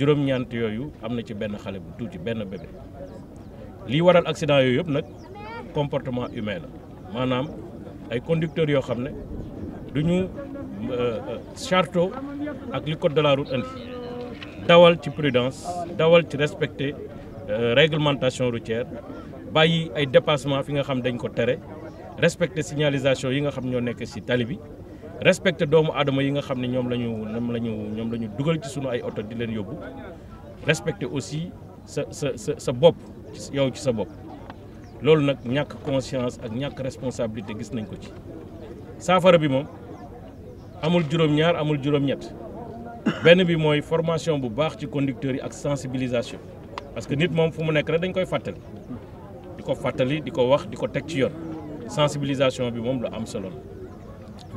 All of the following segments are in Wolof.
juróom-ñeent yooyu am na ci benn xale bu tuuti benn bébé lii waral accident yooyu yëpp nag comportement humain la maanaam ay conducteurs yoo xam ne du ñu euh, charto ak li code de la route indi dawal ci prudence dawal ci respecter euh, réglementation routière bàyyi ay dépassement fi nga xam dañ ko tere respecter signalisation yi nga xam ñoo nekk ci tali bi respecté doomu adama yi nga xamni ñom lañu la lañu ñom la duggal la dugal ci suñu ay auto di leen yobbu respecté aussi sa sa sa sa bop yow ci sa bop loolu nak ñak conscience ak ñak responsabilité gis nañ ko ci safara bi mom amul juroom ñaar amul juroom ñet benn bi moy formation bu baax ci conducteur yi ak sensibilisation parce que nit mom fu mu nek rek dañ koy fàttali diko fatali diko wax diko tek ci yoon sensibilisation bi mom lu am solo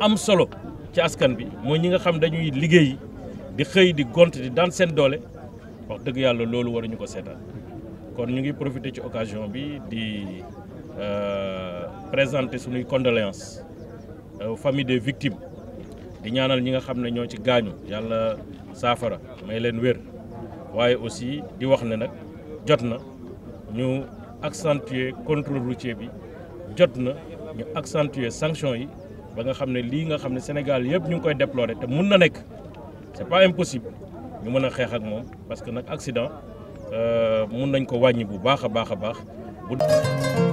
am solo ci askan bi mooy ñi nga xam dañuy liggéey di xëy di gont di daan seen doole wax dëgg yàlla loolu waruñu ko seetaan kon ñu ngi profiter ci occasion bi di euh, présenter suñuy condoléances euh, aux familles des victimes di ñaanal ñi nga xam ne ñoo ci gaañu yàlla saafara may leen wér waaye aussi di wax ne nag jot na ñu accentuer contrôle routier bi jot na ñu accentuer sanction yi ba nga xam ne lii nga xam ne Sénégal yëpp ñu ngi koy déplorer te mun na nekk c'est pas impossible ñu mën a xeex ak moom parce que nag accident euh, mun nañ ko wàññi bu baax a baax a baax bu